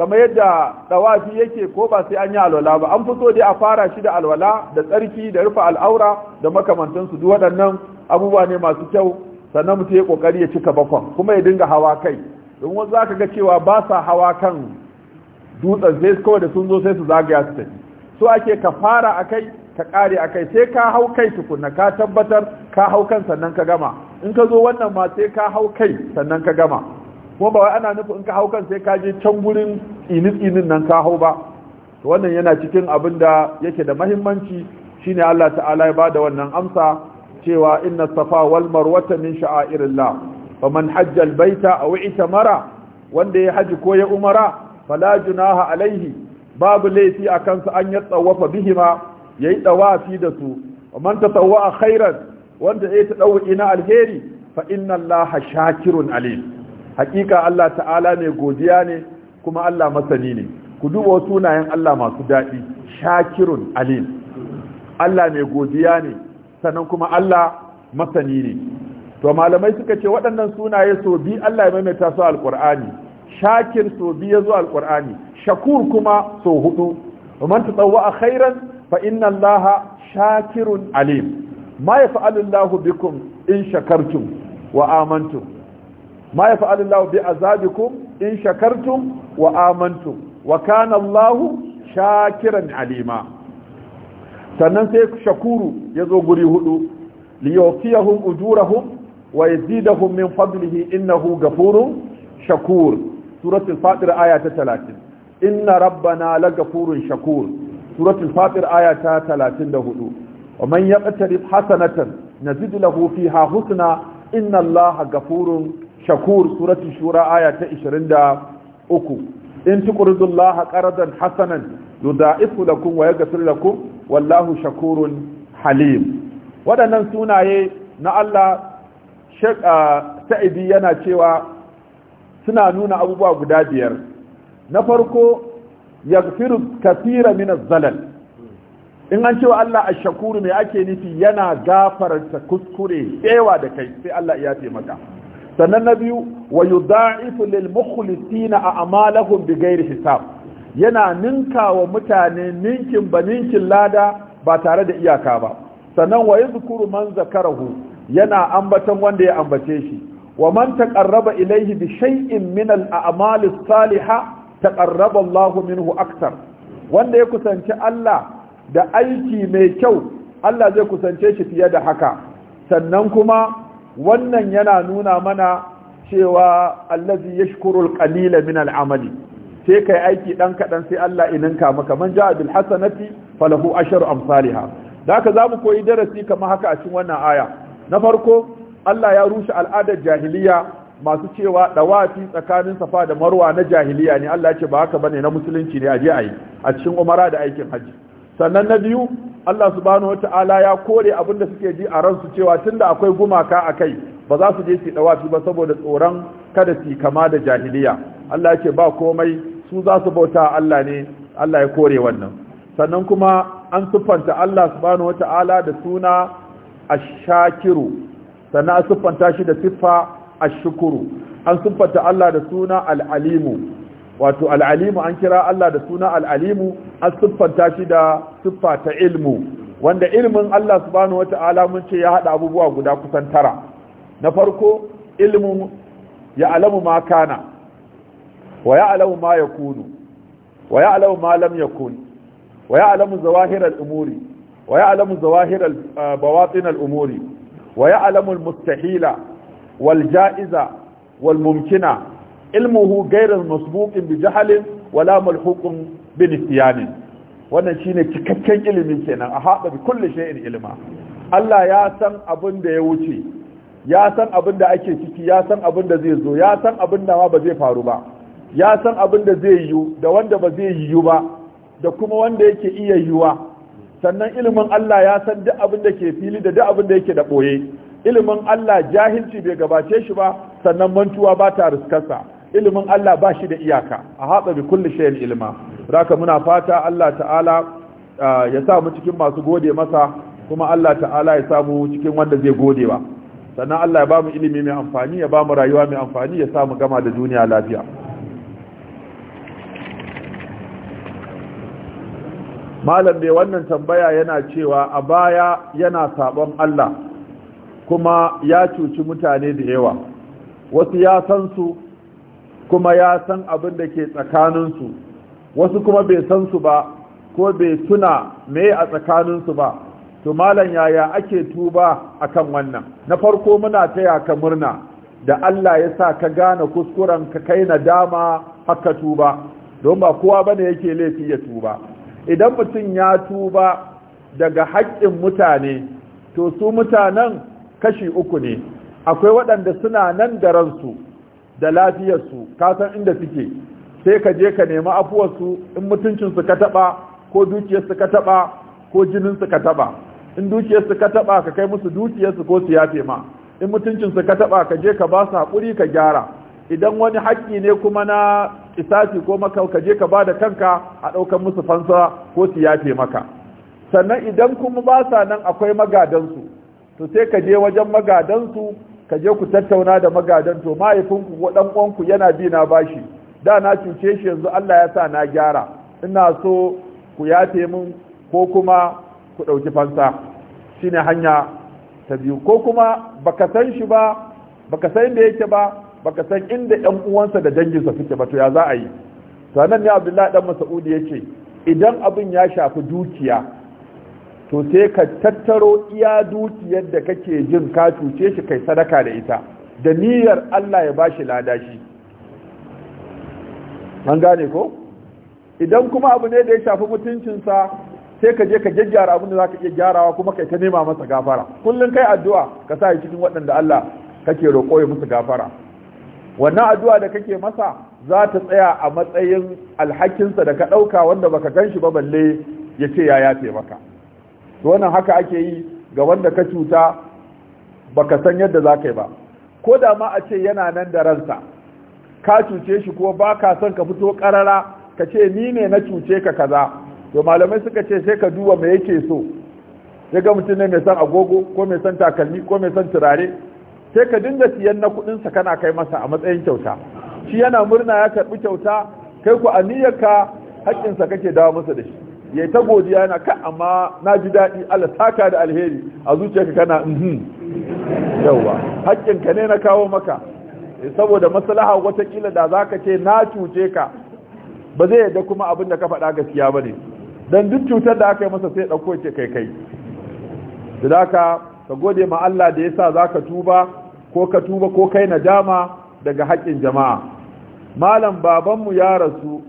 kamar yadda dawafi yake ko ba sai an yi alwala ba an fito dai a fara shi da alwala da tsarki da rufe al'aura da makamantansu duk waɗannan abubuwa ne masu kyau sannan mutum ya kokari ya cika bakon kuma ya dinga hawa kai don wasu zaka ga cewa ba sa hawa kan dutsen sai kawai da sun zo sai su zagaya su tafi so ake ka fara a kai, ka kare kai sai ka hau kai tukunna ka tabbatar ka hau kan sannan ka gama in ka zo wannan ma sai ka hau kai sannan ka gama Kuma ba wai ana nufin in ka hau kan sai ka je can gurin tsinin-tsinin nan ka hau ba wannan yana cikin abin da yake da mahimmanci shine Allah ta'ala ya bada wannan amsa cewa inna safa wal marwata min sha'airillah faman hajja al baita aw itamara wanda ya haji ko ya umara fala junaha alaihi babu laifi akan sa an yatsawafa bihima yayi dawafi da su faman tatawwa khairan wanda ya tadawu ina alheri fa inna allaha shakirun alim hakika Allah ta'ala ne godiya ne kuma Allah masani ne ku duba sunayen Allah masu daɗi shakirun alim Allah mai godiya ne sannan kuma Allah masani ne to malamai suka ce waɗannan sunaye so bi Allah ya maimaita su Alƙur'ani. shakir so bi zo Alƙur'ani, shakur kuma so hudu man tatawwa khairan fa inna Allah shakirun alim ma yaf'alu bikun bikum in shakartum wa amantum ma yaf'alu Allahu bi azabikum in shakartu wa amantun wa kana Allahu shakiran alima sannan sai shakuru ya zo guri hudu li yuqiyahum ujurahum wa yazidahum min fadlihi innahu ghafurun shakur suratul fatir aya ta 30 inna rabbana gafurun shakur suratul fatir aya ta 34 wa man yaqtarib hasanatan nazid lahu ha husna inna allaha ghafurun shakur suratu shura aya ta 23 in tuqridullaha qaradan hasanan yudaifu lakum wa yaghfir lakum wallahu shakurun halim waɗannan sunaye na Allah Sheikh Sa'idi yana cewa suna nuna abubuwa guda biyar na farko yaghfiru kafira min az-zalal in an cewa Allah ash-shakuru mai ake nufi yana gafarta kuskure tsewa da kai sai Allah ya taimaka maka sannan na biyu wa yudha'ifu lil mukhlisina a'malahum bighairi hisab yana ninka wa mutane ninkin ba ninkin lada ba tare da iyaka ba sannan wa yadhkuru man zakarahu yana ambaton wanda ya ambace shi wa man taqarraba ilayhi bi shay'in min al a'mali Saliha, taqarraba Allah minhu aktar wanda ya kusanci Allah da aiki mai kyau Allah zai kusance shi fiye da haka sannan kuma wannan yana nuna mana cewa allazi yashkuru alqalila min al'amali sai kai aiki dan kadan sai Allah ininka maka man ja'a bil hasanati falahu asharu amsalha daka zamu koyi darasi kamar haka a cikin wannan aya na farko Allah ya rushe al'adar jahiliya masu cewa dawafi tsakanin safa da marwa na jahiliya ne Allah ya ce ba haka bane na musulunci ne aje ayi a cikin umara da aikin hajji sannan na biyu Allah subhanahu wata'ala ya kore abin da suke ji a ransu cewa tunda akwai gumaka a kai ba za su je su dawafi ba saboda tsoron kada su kama da jahiliya Allah yake ba komai su za su bauta Allah ne Allah ya kore wannan sannan kuma an sufanta Allah subhanahu wata'ala da suna ash-shakiru sannan an sufanta shi da siffa ash-shukuru an sufanta Allah da suna al-alimu wato al-alimu an kira Allah da suna al-alimu an sufanta shi da siffa ta ilmu wanda ilmin Allah subhanahu wata'ala mun ce ya hada abubuwa guda kusan tara na farko ilmin ya alamu ma kana wa ya alamu ma yakunu wa ya alamu ma lam yakun wa ya alamu zawahir al-umuri wa ya alamu zawahir al-bawatin ah, al-umuri wa ya alamu mustahila wal ja'iza wal mumkina ilmuhu ghayr al-masbuq bi jahl wala mulhuq bi nisyan wannan shi ne cikakken ilimin kenan a haɗa bi kulli shay'in ilma Allah ya san abin da ya wuce ya san abin da ake ciki ya san abin da zai zo ya san abin da ba zai faru ba ya san abin da zai yiwu da wanda ba zai yiwu ba da kuma wanda yake iya yiwuwa sannan ilimin Allah ya san duk abin da ke fili da duk abin da yake da boye ilimin Allah jahilci bai gabace shi ba sannan mantuwa ba ta riskarsa ilimin Allah ba shi da iyaka a haɗa bi kulli shay'in ilma raka muna fata Allah ta'ala ya sa cikin masu gode masa kuma Allah ta'ala ya samu cikin wanda zai gode ba sannan Allah ya ba mu ilimi mai amfani ya ba mu rayuwa mai amfani ya sa gama da duniya lafiya malam bai wannan tambaya yana cewa a baya yana sabon Allah kuma ya cuci mutane da yawa wasu ya san su kuma ya san abin da ke tsakaninsu wasu kuma bai san su ba ko bai tuna me a tsakaninsu ba to malam yaya ake tuba akan wannan na farko muna taya ka murna da Allah ya sa ka gane kuskuren ka kai nadama haka tuba don ba kowa bane yake laifi ya tuba idan mutum ya tuba daga haƙƙin mutane to su mutanen kashi uku ne akwai waɗanda suna nan da ransu da lafiyarsu san inda suke sai ka je ka nemi afuwarsu in mutuncinsu ka taɓa ko dukiyarsu ka taɓa ko jininsu ka taɓa in dukiyarsu ka taɓa ka kai musu dukiyarsu ko su yafe ma in mutuncinsu ka taɓa ka je ka ba su haƙuri ka gyara idan wani haƙƙi ne kuma na isasi ko maka ka je ka ba da kanka a ɗaukar musu fansa ko su yafe maka sannan idan kuma ba sa nan akwai magadansu to sai ka je wajen magadansu ka je ku tattauna da magadan to mahaifinku ɗan uwanku yana bi na bashi da na cuce shi yanzu Allah ya sa na gyara ina so ku yafe min ko kuma ku ɗauki fansa shine hanya ta biyu ko kuma baka san shi ba baka san da yake ba baka san inda 'yan uwansa da danginsa suke ba to ya za a yi to nan ne Abdullahi dan ya yace idan abin ya shafi dukiya to sai ka tattaro iya dukiyar da kake jin ka cuce shi kai sadaka da ita da niyyar Allah ya bashi lada an gane ko idan kuma abu ne da ya shafi mutuncinsa sai ka je ka gyaggyara abin da za ka iya gyarawa kuma kai ta nema masa gafara kullum kai addu'a ka sa cikin waɗanda Allah kake roƙo ya musu gafara wannan addu'a da kake masa za ta tsaya a matsayin alhakinsa da ka ɗauka wanda baka gan shi ba balle ya ce ya yafe maka to wannan haka ake yi ga wanda ka cuta baka san yadda za ka yi ba ko da ma a ce yana nan da ransa ka cuce shi ko ba ka son ka fito karara ka ce ni ne na cuce ka kaza to malamai suka ce sai ka duba me yake so ya ga mutum ne mai son agogo ko mai son takalmi ko mai son turare sai ka dinga siyan na kuɗin sa kana kai masa a matsayin kyauta shi yana murna ya karbi kyauta kai ku aniyarka haƙƙin sa kake dawo masa da shi yayi ta godiya yana ka amma na ji daɗi Allah saka da alheri a zuciyarka kana mhm yawa haƙƙin ka ne na kawo maka saboda maslaha watakila da zaka ce na cuce ka ba zai yadda kuma abin da ka faɗa gaskiya ba ne don duk cutar da aka yi masa sai ɗauko ce kai kai da haka ka gode ma Allah da ya sa za ka tuba ko ka tuba ko kai nadama daga haƙƙin jama'a malam babanmu ya rasu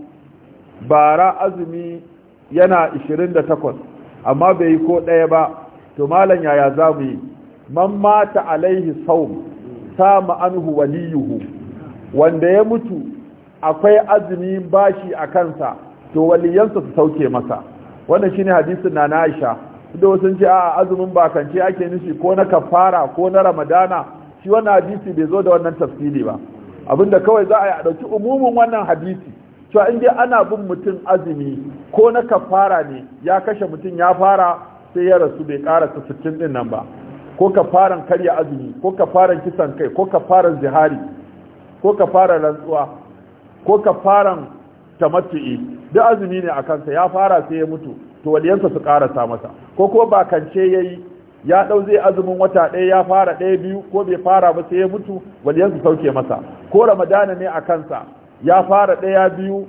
bara azumi yana 28 amma bai yi ko ɗaya ba to malam yaya za mu yi man mata alaihi saum sama anhu waliyuhu wanda ya mutu akwai azumi bashi a kansa to waliyansa su sauke masa wannan shine hadisin na Aisha da wasu ce a azumin ce ake nishi ko na kafara ko na ramadana shi wannan hadisi bai zo da wannan tafsiri ba abinda kawai za a yi a ɗauki umumin wannan hadisi to in dai ana bin mutum azumi ko na kafara ne ya kashe mutum ya fara sai ya rasu bai ƙara sittin din nan ba ko ka fara karya azumi ko ka fara kisan kai ko ka fara zihari ko ka fara rantsuwa ko ka fara tamattu'i duk azumi ne a kansa ya fara sai ya mutu to waliyansa su karasa masa ko kuma ba kance yayi ya dau zai azumin wata ɗaya ya fara ɗaya biyu ko bai fara ba sai ya mutu waliyansa sauke masa ko ramadana ne a kansa ya fara ɗaya biyu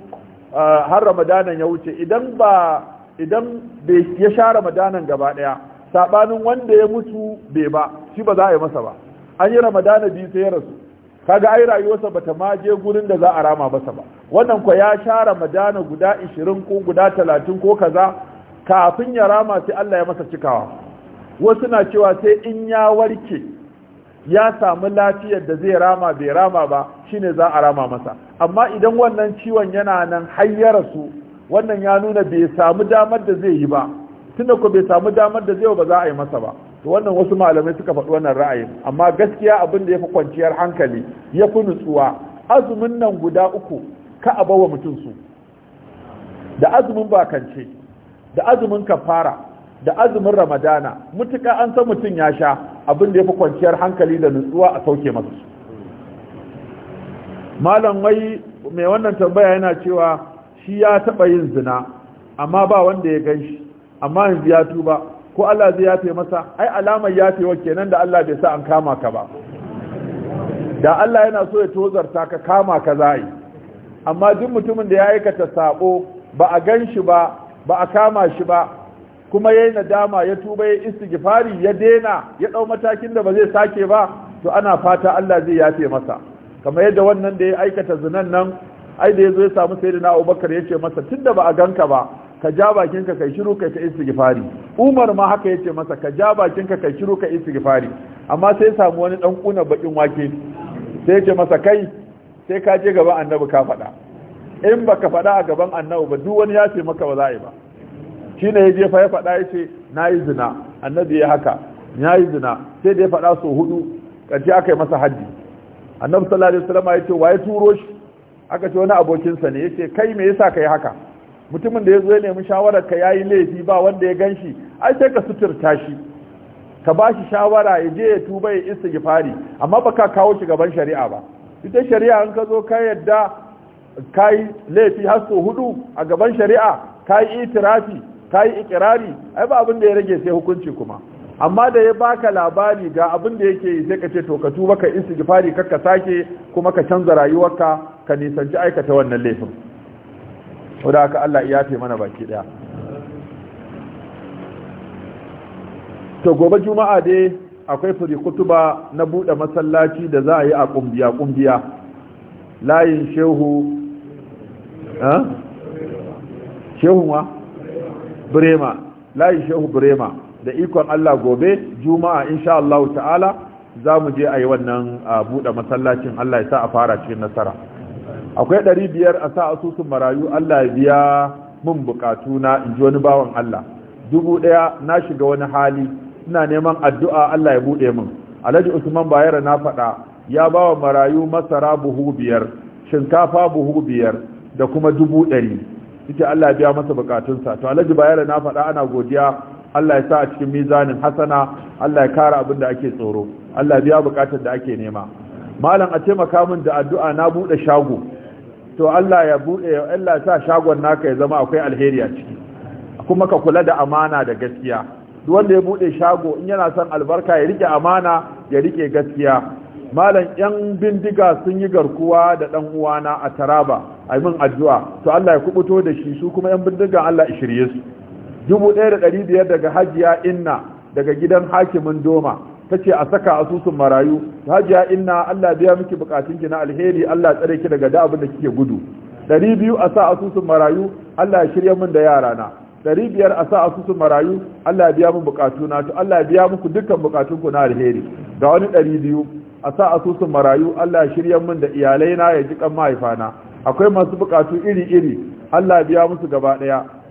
har ramadanan ya wuce idan ba idan ya sha ramadanan gaba ɗaya sabanin wanda ya mutu bai ba shi ba za a yi masa ba an yi ramadana biyu sai ya rasu kaga ai rayuwarsa bata ma je gurin da za a rama masa ba wannan kwa ya sha ramadana guda 20 ko guda 30 ko kaza kafin ya rama sai Allah ya masa cikawa wasu na cewa sai in ya warke ya samu lafiyar da zai rama bai rama ba shine za a rama masa amma idan wannan ciwon yana nan har ya rasu wannan ya nuna bai samu damar da zai yi ba tunda ko bai samu damar da zai ba za a yi masa ba to wannan wasu malamai suka faɗi wannan ra'ayin amma gaskiya abin da ya fi kwanciyar hankali ya fi nutsuwa azumin nan guda uku ka a bawa mutum su da azumin bakance da azumin kafara da azumin ramadana mutuka an san mutum ya sha abin da ya fi kwanciyar hankali da nutsuwa a sauke masa su malam wai mai wannan tambaya yana cewa shi ya taɓa yin zina amma ba wanda ya ganshi. amma yanzu ya tuba ko Allah zai yafe masa ai alamar yafewa kenan da Allah bai sa an kama ka ba da Allah yana so ya tozarta ka kama ka zai amma duk mutumin da ya aikata sabo ba a ganshi ba ba a kama shi ba kuma yayi nadama ya tuba ya istighfari ya dena ya dau matakin da ba zai sake ba to ana fata Allah zai yafe masa kamar yadda wannan da ya aikata zinan nan ai da yazo ya samu sayyidina Abubakar yace masa tunda ba a ganka ba ka ja bakinka kai shiru kai ta istighfari Umar ma haka yace masa ka ja bakinka kai shiru kai istighfari amma sai samu wani dan kuna bakin wake sai yace masa kai sai ka je gaban annabi ka faɗa in baka faɗa a gaban annabi ba duk wani ya ce maka ba za yi ba shine ya je fa ya faɗa yace nayi zina annabi ya haka nayi zina sai da ya faɗa so hudu karshe aka yi masa haddi annabi sallallahu alaihi wasallam ya ce waye turo shi aka ce wani abokinsa ne yace kai me yasa kai haka mutumin da ya zo ya nemi shawarar ka yayi laifi ba wanda ya ganshi ai sai ka suturta shi ka ba shi shawara ya je ya tuba ya istighfari amma ba ka kawo shi gaban shari'a ba ita shari'a in ka zo ka yadda kai laifi har so hudu a gaban shari'a kai itirafi kai ikirari ai ba abin da ya rage sai hukunci kuma amma da ya baka labari ga abin da yake yi sai ka ce to ka tuba ka gifari kar ka sake kuma ka canza rayuwarka ka nisanci aikata wannan laifin wadda aka Allah ya fi mana baki daya to gobe juma'a dai akwai fari kutuba na buɗe masallaci da za a yi a kumbiya kumbiya layin shehu shehu wa brema layin shehu brema da ikon Allah gobe juma'a insha Allah ta'ala za mu je a yi wannan buɗe masallacin Allah ya sa a fara cikin nasara akwai ɗari biyar a sa asusun marayu Allah ya biya mun bukatu na in ji wani bawan Allah dubu ɗaya na shiga wani hali ina neman addu'a Allah ya buɗe mun. alhaji usman bayero na faɗa ya bawa marayu masara buhu biyar shinkafa buhu biyar da kuma dubu ɗari ita Allah ya biya masa bukatunsa to alhaji bayero na faɗa ana godiya Allah ya sa a cikin mizanin hasana Allah ya kara abin da ake tsoro Allah ya biya bukatar da ake nema malam a taimaka min da addu'a na buɗe shago to Allah ya bude Allah sa shagon naka ya zama akwai alheri a ciki kuma ka kula da amana da gaskiya duk wanda ya bude shago in yana son albarka ya rike amana ya rike gaskiya malam yan bindiga sun yi garkuwa da dan uwana a Taraba a min addu'a to Allah ya kubuto da shi su kuma yan bindiga Allah ya shirye su 1500 daga hajiya inna daga gidan hakimin doma ce a saka asusun marayu hajiya inna Allah biya miki bukatun ki na alheri Allah tsare ki daga abin da kike gudu biyu a sa asusun marayu Allah ya shirya min da yara na biyar a sa asusun marayu Allah ya biya min bukatuna to Allah ya biya muku dukkan bukatun ku na alheri ga wani ɗari biyu a sa asusun marayu Allah ya shirya min da iyalai na ya ji kan mahaifana akwai masu bukatu iri-iri Allah ya biya musu gaba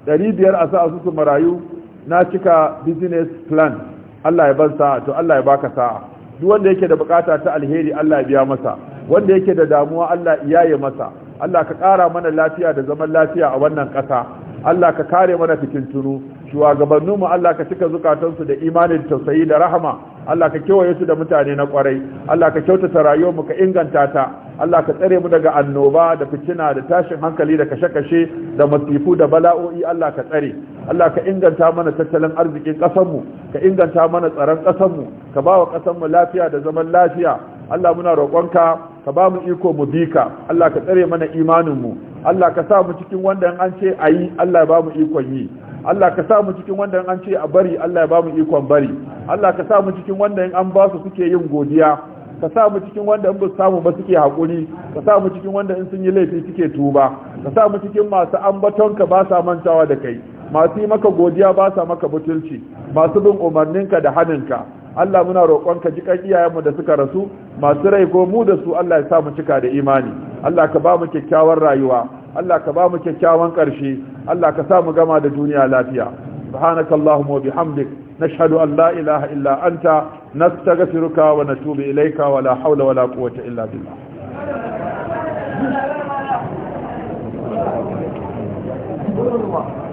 Ɗari biyar a sa asusun marayu na cika business plan Allah ya ban sa'a to Allah ya baka sa'a duk wanda yake da bukata ta alheri Allah ya biya masa wanda yake da damuwa Allah ya iyaye masa Allah ka kara mana lafiya da zaman lafiya a wannan kasa Allah ka kare mana tunu shugabanninmu Allah ka cika zukatansu da imanin tausayi da rahama Allah ka kewaye su da mutane na kwarai Allah ka kyautata rayuwar mu ka inganta ta Allah ka tsare mu daga annoba da fitina da tashin hankali da kashe-kashe da masifu da bala'o'i Allah ka tsare Allah ka inganta mana tattalin arzikin ƙasar mu ka inganta mana tsaron ƙasarmu ka ba wa ƙasar lafiya da zaman lafiya Allah muna roƙonka ka ba mu iko mu bi ka Allah ka tsare mana imanin mu Allah ka sa mu cikin wanda an ce ayi Allah ya ba mu ikon yi Allah ka sa mu cikin wanda an ce a bari Allah ya ba mu ikon bari Allah ka sa mu cikin wanda an ba su suke yin godiya ka sa mu cikin wanda in ba su samu ba suke hakuri ka sa mu cikin wanda in sun yi laifi suke tuba ka sa mu cikin masu ambaton ka ba sa mantawa da kai masu yi maka godiya ba sa maka butulci masu bin umarninka da haninka Allah muna roƙonka ka jikan iyayenmu da suka rasu masu rai ko mu da su Allah ya sa mu cika da imani Allah ka ba mu rayuwa Allah ka ba mu kyakkyawan ƙarshe Allah ka sa mu gama da duniya lafiya subhanakallahumma wa bihamdik nashhadu an la ilaha illa anta nastaghfiruka wa natubu ilayka wa la hawla wa la quwwata illa billah